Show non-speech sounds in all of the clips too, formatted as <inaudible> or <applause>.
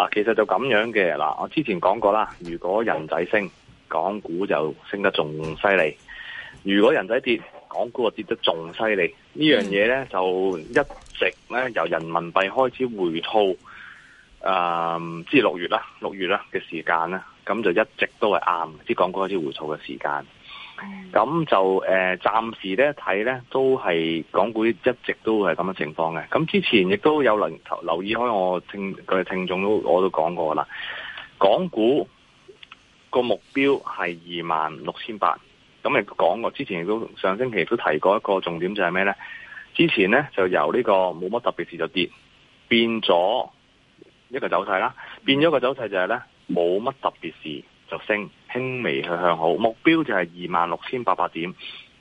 啊，其實就咁樣嘅嗱，我之前講過啦。如果人仔升，港股就升得仲犀利；如果人仔跌，港股啊跌得仲犀利。呢樣嘢呢就一直呢由人民幣開始回吐，誒至六月啦，六月啦嘅時間啦，咁就一直都係啱即港股開始回吐嘅時間。咁就誒，暫時咧睇咧都係港股一直都係咁嘅情況嘅。咁之前亦都有輪留意開，我聽佢哋聽眾都我都講過啦。港股個目標係二萬六千八。咁亦講過，之前亦都上星期都提過一個重點就係咩咧？之前咧就由呢個冇乜特別事就跌，變咗一個走勢啦。變咗個走勢就係咧冇乜特別事就升。輕微去向好，目標就係二萬六千八百點，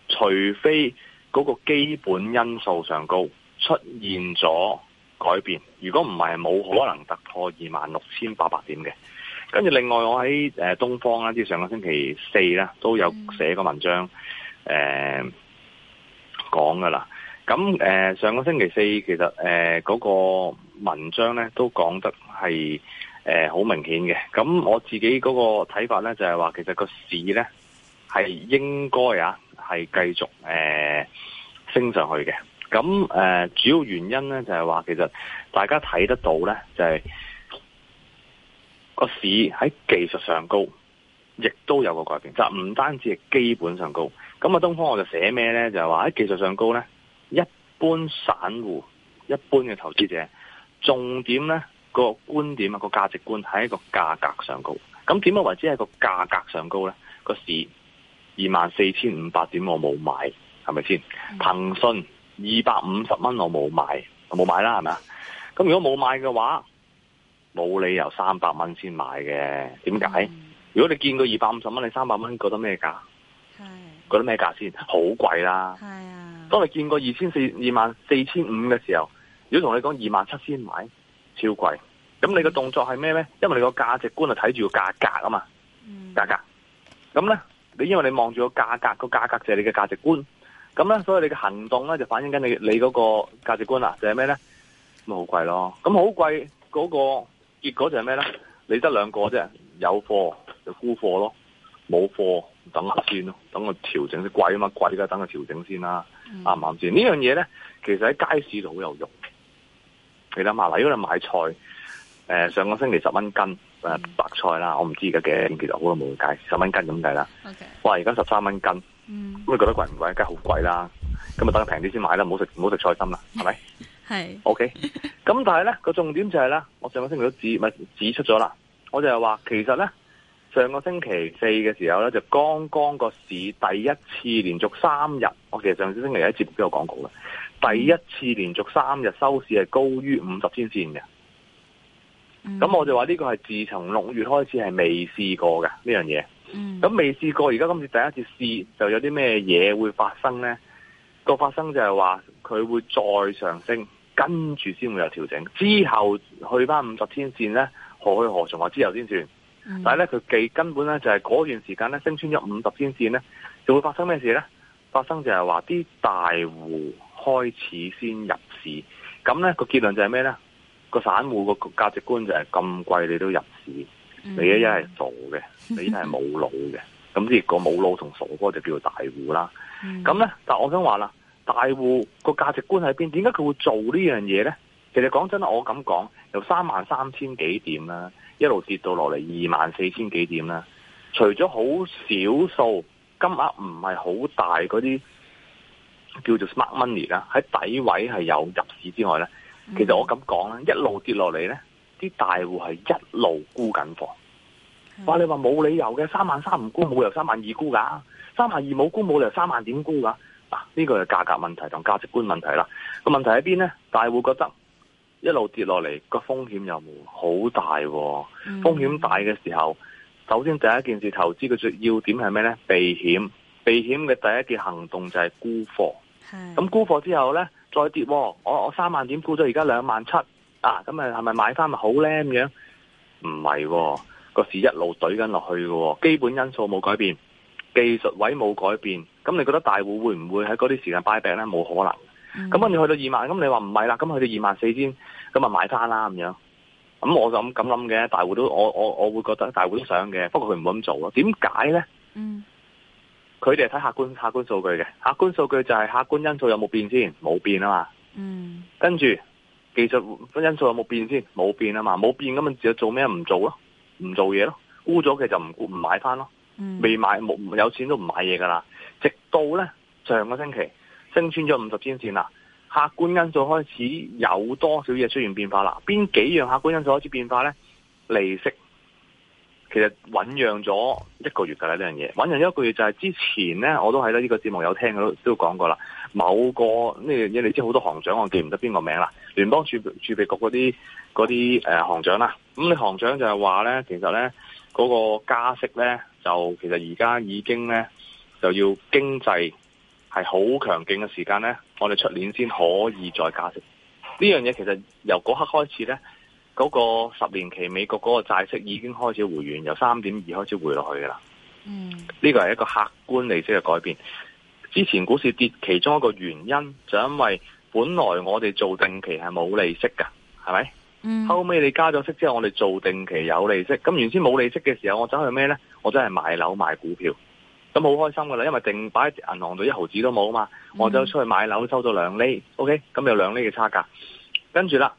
除非嗰個基本因素上高出現咗改變，如果唔係，冇可能突破二萬六千八百點嘅。跟住另外，我喺誒東方啦，即係上個星期四啦，都有寫個文章，誒講㗎喇。咁、呃、誒、呃、上個星期四，其實誒嗰、呃嗰個文章咧都講得係。誒、呃，好明顯嘅。咁我自己嗰個睇法呢，就係、是、話其實個市呢，係應該啊，係繼續誒升上去嘅。咁誒、呃、主要原因呢，就係話，其實大家睇得到呢，就係、是、個市喺技術上高，亦都有個改變。就唔單止係基本上高。咁啊，東方我就寫咩呢？就係話喺技術上高呢，一般散戶、一般嘅投資者，重點呢。個觀點啊，個價值觀喺一個價格上高。咁點解為之係個價格上高呢？個市二萬四千五百點我冇買，係咪先？騰訊二百五十蚊我冇買，我冇買啦，係咪啊？咁如果冇買嘅話，冇理由三百蚊先買嘅。點解？如果你見過二百五十蚊，你三百蚊覺得咩價？係覺得咩價先？好貴啦。係啊。當你見過二千四二萬四千五嘅時候，如果同你講二萬七千買。超貴，咁你個動作係咩咧？因為你個價值觀係睇住個價格啊嘛，價格，咁咧，你因為你望住個價格，個價格就係你嘅價值觀，咁咧，所以你嘅行動咧就反映緊你你嗰個價值觀啦、啊，就係咩咧？咁咪好貴咯，咁好貴嗰個結果就係咩咧？你得兩個啫，有貨就沽貨咯，冇貨等下先咯，等我調整啲貴啊嘛，貴嘅等我調整先啦，啱唔啱先，行行樣呢樣嘢咧，其實喺街市就好有用。.你諗下，如果你買菜，誒、呃、上個星期十蚊斤誒、mm. 呃、白菜啦、okay. mm. 貴不貴啦，我唔知而家嘅點其實好難估價，十蚊斤咁計啦。哇，而家十三蚊斤，咁你覺得貴唔貴？梗係好貴啦。咁啊等平啲先買啦，唔好食唔好食菜心啦，係 <laughs> 咪是吧？係、 <laughs> okay?。O K，咁但係咧個重點就係咧，我上個星期都指咪指出咗啦，我就係話其實咧。上個星期四嘅時候咧，就剛剛個市第一次連續三日，我其實上個星期一節目都有講過，第一次連續三日收市係高於五十天線嘅。咁、嗯、我就話呢個係自從六月開始係未試過嘅呢樣嘢。咁、嗯、未試過，而家今次第一次試，就有啲咩嘢會發生呢？個發生就係話佢會再上升，跟住先會有調整，之後去翻五十天線呢，何去何從啊？話之後先算。但係咧，佢既根本咧就係、是、嗰段時間咧升穿咗五十天線咧，就會發生咩事咧？發生就係話啲大戶開始先入市，咁咧、個結論就係咩咧？個散戶個價值觀就係咁貴你都入市，你一係傻嘅，mm. 你一係冇腦嘅，咁即係個冇腦同傻哥就叫做大戶啦。咁、mm. 咧，但係我想話啦，大戶個價值觀喺邊？點解佢會做呢樣嘢咧？其實講真，我咁講由三萬三千幾點啦、啊。一路跌到落嚟二萬四千幾點啦，除咗好少數金額唔係好大嗰啲叫做 smart money 啦，喺底位係有入市之外咧，mm -hmm. 其實我咁講啦，一路跌落嚟咧，啲大戶係一路沽緊貨，話、mm -hmm. 你話冇理由嘅三萬三唔沽，冇理由三萬二沽噶，三萬二冇沽，冇理由三萬點沽噶，嗱、啊、呢、這個係價格問題同價值觀問題啦。個問題喺邊咧？大戶覺得。一路跌落嚟，個風險又冇好大。風險大嘅、哦 mm. 時候，首先第一件事投資嘅最要點係咩呢？避險，避險嘅第一件行動就係沽貨。咁、mm. 沽貨之後呢，再跌、哦，我我三萬點沽咗，而家兩萬七啊，咁啊係咪買翻咪好咧？咁樣唔係，個、哦、市一路懟緊落去喎、哦。基本因素冇改變，技術位冇改變，咁你覺得大戶會唔會喺嗰啲時間擺病呢？冇可能。咁、嗯、啊，你去到二萬，咁你話唔係啦，咁去到二萬四千，咁咪買翻啦咁樣。咁我就咁咁諗嘅，大戶都我我我會覺得大戶都想嘅，不過佢唔會咁做咯。點解咧？嗯，佢哋係睇客觀客觀數據嘅，客觀數據就係客觀因素有冇變先，冇變啊嘛。嗯，跟住技術因素有冇變先，冇變啊嘛，冇變咁咪，只做咩唔做咯，唔做嘢咯，沽咗嘅就唔唔買翻咯，未買冇有錢都唔買嘢噶啦，直到咧上個星期。升穿咗五十天線啦，客觀因素開始有多少嘢出現變化啦？邊幾樣客觀因素開始變化咧？利息其實醞釀咗一個月噶啦呢樣嘢，醞釀一個月就係之前咧，我都喺呢個節目有聽，都都講過啦。某個呢嘢你，你知好多行長，我記唔得邊個名啦。聯邦儲備儲備局嗰啲嗰啲誒行長啦，咁你行長就係話咧，其實咧嗰個加息咧，就其實而家已經咧就要經濟係好強勁嘅時間呢，我哋出年先可以再加息。呢樣嘢其實由嗰刻開始呢，嗰個十年期美國嗰個債息已經開始回軟，由三點二開始回落去㗎啦。嗯，呢個係一個客觀利息嘅改變。之前股市跌，其中一個原因就因為本來我哋做定期係冇利息噶，係咪？嗯。後尾你加咗息之後，我哋做定期有利息。咁原先冇利息嘅時候，我走去咩呢？我真係買樓、買股票。咁好開心噶啦，因為淨擺喺銀行度一毫子都冇啊嘛，嗯、我走出去買樓收咗兩厘，OK，咁有兩厘嘅差價，跟住啦，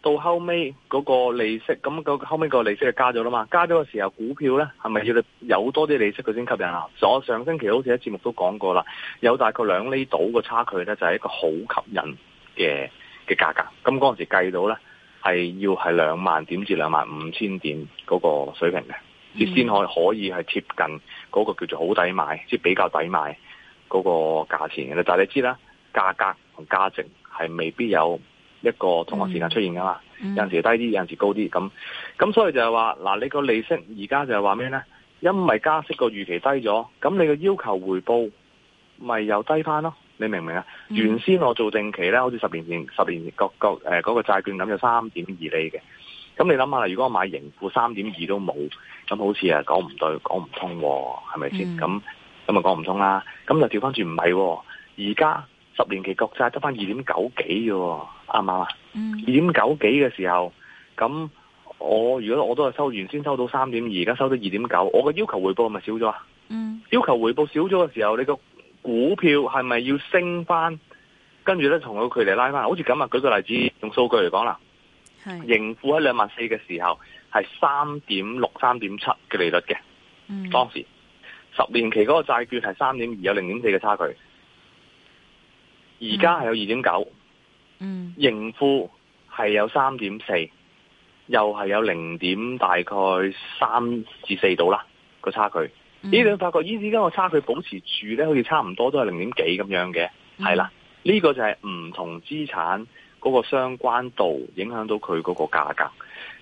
到後尾嗰個利息，咁個後尾個利息就加咗啦嘛，加咗嘅時候，股票咧係咪要你有多啲利息佢先吸引啊？我上星期好似喺節目都講過啦，有大概兩厘到嘅差距咧，就係一個好吸引嘅嘅價格，咁嗰陣時計到咧係要係兩萬點至兩萬五千點嗰個水平嘅。先、mm、可 -hmm. 可以係貼近嗰個叫做好抵買，即、就、係、是、比較抵買嗰個價錢嘅咧。但係你知啦，價格同價值係未必有一個同一時間出現噶嘛、mm -hmm.。有陣時低啲，有陣時高啲。咁咁所以就係話，嗱，你個利息而家就係話咩咧？因為加息個預期低咗，咁你嘅要求回報咪又低翻咯？你明唔明啊？Mm -hmm. 原先我做定期咧，好似十年前、十年嗰嗰誒嗰個債券咁，有三點二厘嘅。咁你諗下啦，如果我買盈富三點二都冇，咁好似啊講唔對，講唔通，哦，係咪先？咁咁啊講唔通啦。咁就調翻轉唔係，而家，哦、十年期國債得翻二點九幾嘅，啱唔啱啊？二點九幾嘅時候，咁我如果我都係收完先收到三點二，而家收到二點九，我嘅要求回報咪少咗啊？Mm. 要求回報少咗嘅時候，你個股票係咪要升翻？跟住咧，同佢佢哋拉翻，好似咁啊！舉個例子，mm. 用數據嚟講啦。盈富喺兩萬四嘅時候係三點六、三點七嘅利率嘅、嗯，當時十年期嗰個債券係三點二，有零點四嘅差距。而家係有二點九，盈富係有三點四，又係有零點大概三至四度啦個差距。呢、嗯、你發覺，呢之間個差距保持住咧，好似差唔多都係零點幾咁樣嘅，係、嗯、啦。呢、這個就係唔同資產。嗰、那個相關度影響到佢嗰個價格，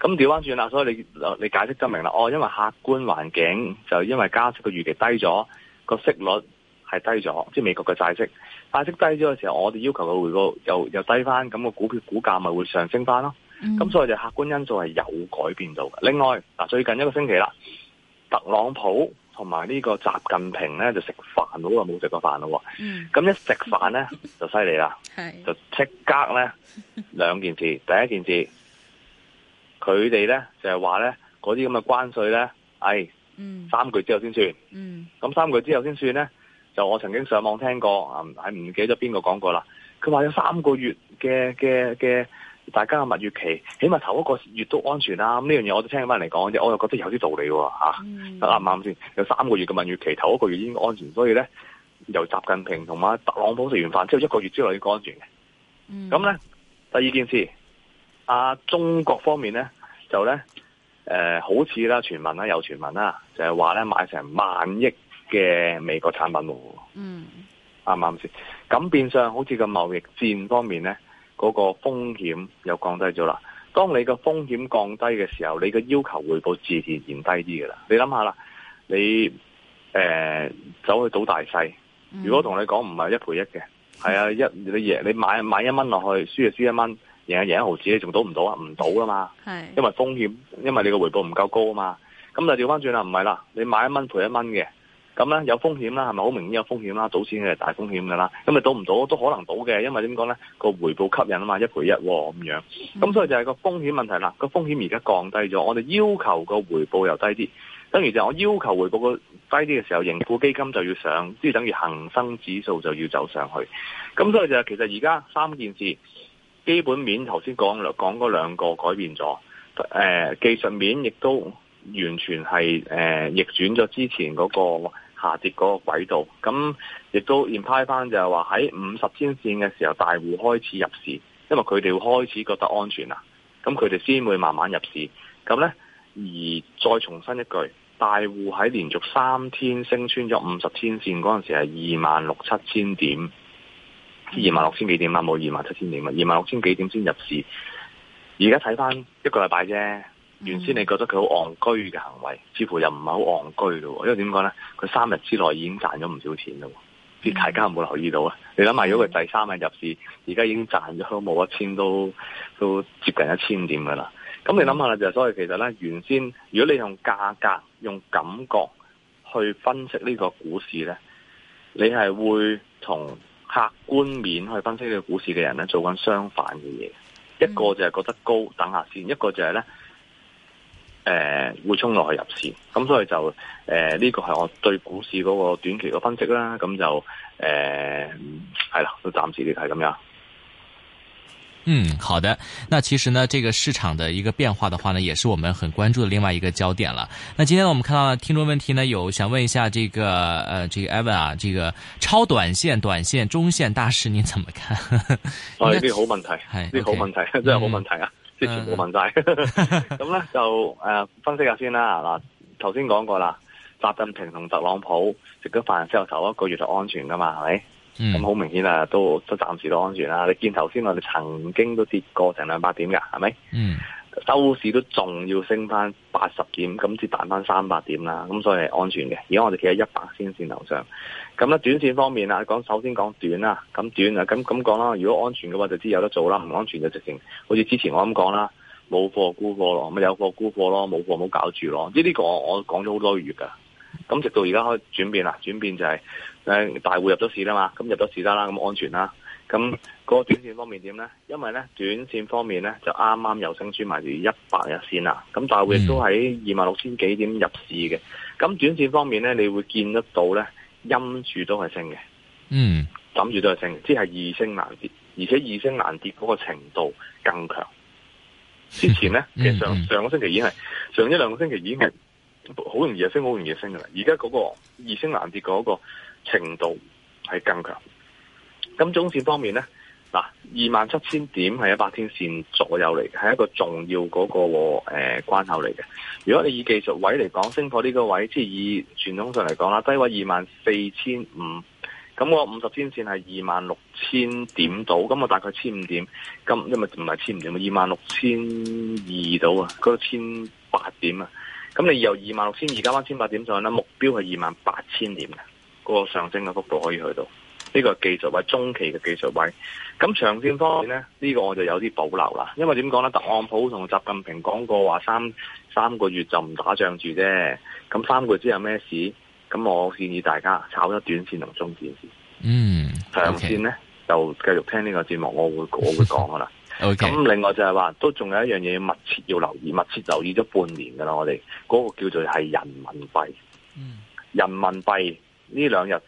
咁調翻轉啦，所以你你解釋得明啦。哦，因為客觀環境就因為加息嘅預期低咗，個息率係低咗，即係美國嘅債息，債息低咗嘅時候，我哋要求嘅回報又又低翻，咁個股票股價咪會上升翻咯。咁、嗯、所以就客觀因素係有改變到嘅。另外嗱，最近一個星期啦，特朗普。同埋呢個習近平咧就食飯，好耐冇食過飯咯。咁一食飯咧就犀利啦，就即、嗯、 <laughs> 刻咧兩件事。第一件事，佢哋咧就係話咧嗰啲咁嘅關稅咧，哎、嗯，三個月之後先算。咁、嗯、三個月之後先算咧，就我曾經上網聽過，係、嗯、唔記得邊個講過啦。佢話有三個月嘅嘅嘅。大家嘅蜜月期，起碼頭一個月都安全啦、啊。呢樣嘢我都聽翻嚟講嘅，我又覺得有啲道理喎。啱唔啱先？有三個月嘅蜜月期，頭一個月已經安全，所以咧由習近平同埋特朗普食完飯之後一個月之內要安全嘅。咁、嗯、咧，第二件事，阿、啊、中國方面咧就咧，誒、呃、好似啦傳聞啦有傳聞啦，就係話咧買成萬億嘅美國產品喎。啱唔啱先？咁變相好似個貿易戰方面咧。嗰、那個風險又降低咗啦。當你個風險降低嘅時候，你嘅要求回報自然自然低啲嘅啦。你諗下啦，你誒、呃、走去賭大細，如果同你講唔係一賠一嘅，係、嗯、啊，一你贏你買買一蚊落去，輸就輸一蚊，贏啊贏一毫子，你仲賭唔賭啊？唔賭啦嘛，係因為風險，因為你嘅回報唔夠高啊嘛。咁就調翻轉啦，唔係啦，你買一蚊賠一蚊嘅。咁咧有風險啦，係咪好明顯有風險啦？賭錢係大風險㗎啦，咁咪賭唔賭都可能賭嘅，因為點講咧？個回報吸引啊嘛，一賠一咁樣。咁所以就係個風險問題啦。個風險而家降低咗，我哋要求個回報又低啲，等於就我要求回報個低啲嘅時候，盈富基金就要上，即係等於恆生指數就要走上去。咁所以就係其實而家三件事，基本面頭先講,講兩個改變咗，誒、呃、技術面亦都。完全係誒、呃、逆轉咗之前嗰個下跌嗰個軌道，咁亦都 impact 翻就係話喺五十天線嘅時候，大戶開始入市，因為佢哋會開始覺得安全啦，咁佢哋先會慢慢入市。咁呢，而再重申一句，大戶喺連續三天升穿咗五十天線嗰陣時係二萬六七千點，二萬六千幾點啦，冇二萬七千點啊，二萬六千幾點先入市。而家睇翻一個禮拜啫。嗯、原先你覺得佢好戇居嘅行為，似乎又唔係好戇居喎。因為點講咧？佢三日之內已經賺咗唔少錢咯，啲、嗯、大家有冇留意到啊！你諗下，如果佢第三日入市，而、嗯、家已經賺咗都冇一千都都接近一千點噶啦。咁你諗下就是嗯，所以其實咧，原先如果你用價格、用感覺去分析呢個股市咧，你係會同客觀面去分析呢個股市嘅人咧，做緊相反嘅嘢、嗯。一個就係覺得高等下先，一個就係咧。誒，會衝落去入市，咁所以就誒，呢、呃這個係我對股市嗰個短期嘅分析啦。咁就誒，係、呃、啦，都暫時睇咁樣。嗯，好的。那其實呢，這個市場的一個變化的話呢，也是我們很關注的另外一個焦點了。那今天我們看到聽眾問題呢，有想問一下這個，誒、呃，這個 Evan 啊，這個超短線、短線、中線大師，你怎麼看？呢 <laughs> 啲好問題，係啲好問題，哎、okay，真係好問題啊！嗯即、uh, 全部問題，咁 <laughs> 咧就誒分析下先啦。嗱，頭先講過啦，習近平同特朗普食咗飯之後，頭一個月就安全噶嘛，係咪？咁、嗯、好明顯啊，都都暫時都安全啦。你見頭先我哋曾經都跌過成兩百點噶，係咪？嗯。收市都仲要升翻八十點，咁至彈翻三百點啦，咁所以係安全嘅。而家我哋企喺一百天線樓上，咁咧短線方面啊，講首先講短啦，咁短啊，咁咁講啦。如果安全嘅話，就知有得做啦；唔安全就直情好似之前我咁講啦，冇貨沽貨咯，咪有貨沽貨咯，冇貨冇搞住咯。呢、這個我我講咗好多月噶，咁直到而家開始轉變啦，轉變就係誒大戶入咗市啦嘛，咁入咗市得啦，咁安全啦。咁、短線方面點呢？因為呢，短線方面呢，就啱啱又升穿埋住一百日線啦。咁但係亦都喺二萬六千幾點入市嘅。咁、短線方面呢，你會見得到呢，陰柱都係升嘅，嗯，枕都係升嘅，即係易升難跌，而且易升難跌嗰個程度更強。之前呢，其實上嗯嗯上個星期已經係上一兩個星期已經係好容易升，好容易升嘅啦。而家嗰個易升難跌嗰個程度係更強。咁中線方面呢，嗱，二萬七千點係一百天線左右嚟，係一個重要嗰、個誒、呃、關口嚟嘅。如果你以技術位嚟講，升破呢個位，即係以傳統上嚟講啦，低位二萬四千五，咁我五十天線係二萬六千點到，咁我大概千五點，咁因為唔係千五點，二萬六千二到啊，嗰千八點啊，咁你由二萬六千二加翻千八點上去，目標係二萬八千點嘅，嗰、個上升嘅幅度可以去到。呢、這個技術位中期嘅技術位，咁長線方面呢，呢、這個我就有啲保留啦。因為點講呢？特朗普同習近平講過話三三個月就唔打仗住啫，咁三個月之後咩事？咁我建議大家炒咗短線同中線先。嗯，長線呢、Okay. 就繼續聽呢個節目，我會我會講噶啦。咁、 <laughs> Okay. 另外就係話，都仲有一樣嘢密切要留意，密切留意咗半年噶啦，我哋嗰、那個叫做係人民幣。嗯，人民幣呢兩日。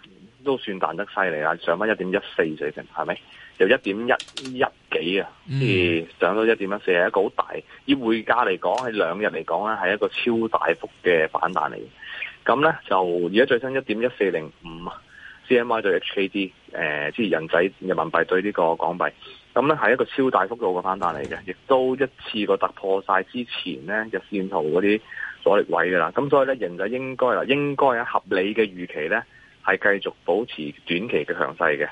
都算彈得犀利啦，上返一點一四水平，係咪？由一點一一幾啊，即係上到一點一四，係一個好大。以匯價嚟講，喺兩日嚟講咧，係一個超大幅嘅反彈嚟。咁咧就而家最新一點一四零五，C M I 對 H K D，誒、呃，即係人仔人民幣對呢個港幣。咁咧係一個超大幅度嘅反彈嚟嘅，亦都一次過突破晒之前咧日線圖嗰啲阻力位噶啦。咁所以咧，人就應該啦，應該有合理嘅預期咧。係繼續保持短期嘅強勢嘅，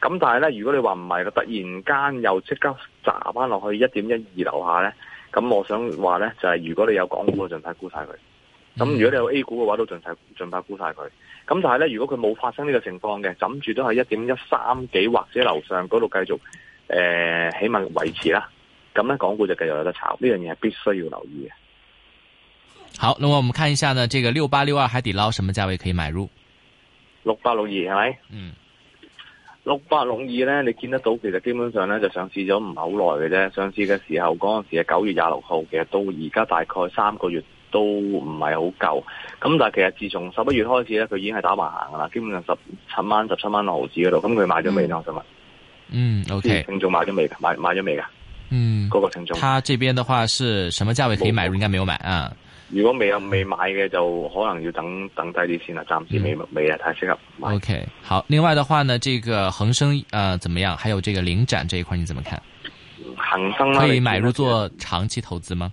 咁但係咧，如果你話唔係，佢突然間又即刻砸翻落去一點一二樓下咧，咁我想話咧就係、是、如果你有港股嘅，盡快沽晒佢；咁如果你有 A 股嘅話，都盡快盡快沽晒佢。咁但係咧，如果佢冇發生呢個情況嘅，枕住都係一點一三幾或者樓上嗰度繼續，誒、呃，起碼維持啦。咁咧，港股就繼續有得炒，呢樣嘢係必須要留意嘅。好，咁啊，我們看一下呢，這個六八六二海底撈，什麼價位可以買入？六八六二係咪？嗯。六八六二咧，你見得到？其實基本上咧就上市咗唔係好耐嘅啫。上市嘅時候嗰陣時係九月廿六號，其實到而家大概三個月都唔係好夠。咁但係其實自從十一月開始咧，佢已經係打橫行噶啦。基本上十七蚊，十七蚊毫紙嗰度。咁佢買咗未我想問？嗯，OK。聽眾買咗未？買買咗未？嗯，各、okay 嗯，那個聽眾。他這邊的話是什麼價位可以買入？人應該沒有買啊。如果未有未買嘅，就可能要等等低啲先啦，暫時未未啊，太適合買。嗯、OK，好。另外的話呢，這個恒生，呃，怎麼樣？還有這個領展這一塊，你怎麼看？恒生可以買入做長期投資嗎？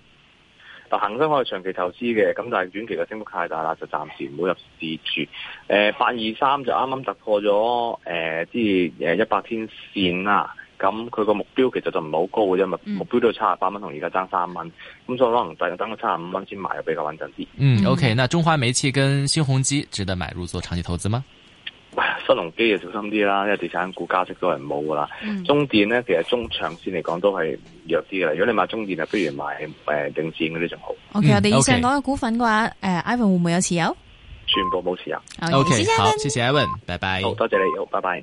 啊，恒生可以長期投資嘅，咁但係短期嘅升幅太大啦，就暫時唔好入市住。誒、呃，八二三就啱啱突破咗，誒、呃，即係誒一百天綫啦。咁佢個目標其實就唔係好高嘅，因為目標都七十八蚊，同而家爭三蚊，咁所以可能大要等佢七十五蚊先買，又比較穩陣啲。嗯，OK，那中華煤氣跟新鴻基值得買入做長期投資嗎？哎、新鴻基要小心啲啦，因為地產股加息都係冇噶啦。中電咧，其實中長線嚟講都係弱啲嘅。如果你買中電啊，不如買誒領展嗰啲仲好。嗯、OK，我哋以上講嘅股份嘅話，誒，Ivan 會唔會有持有？全部冇持有。OK，好，謝謝 Ivan，拜拜。好多謝你，好，拜拜。